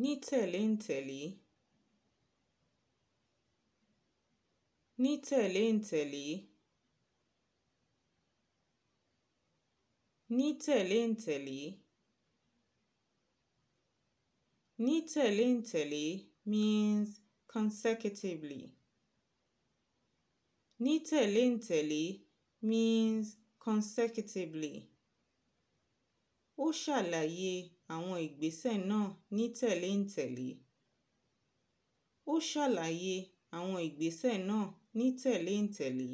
ní tẹ̀léǹtẹ̀lé ní tẹ̀léǹtẹ̀lé ní tẹ̀léǹtẹ̀lé ní tẹ̀léǹtẹ̀lé means consecutively ní tẹ̀léǹtẹ̀lé means consecutively ó ṣàlàyé àwọn ìgbésẹ̀ náà ní tẹ̀léǹtẹ̀lé ó ṣàlàyé àwọn ìgbésẹ̀ náà ní tẹ̀léǹtẹ̀lé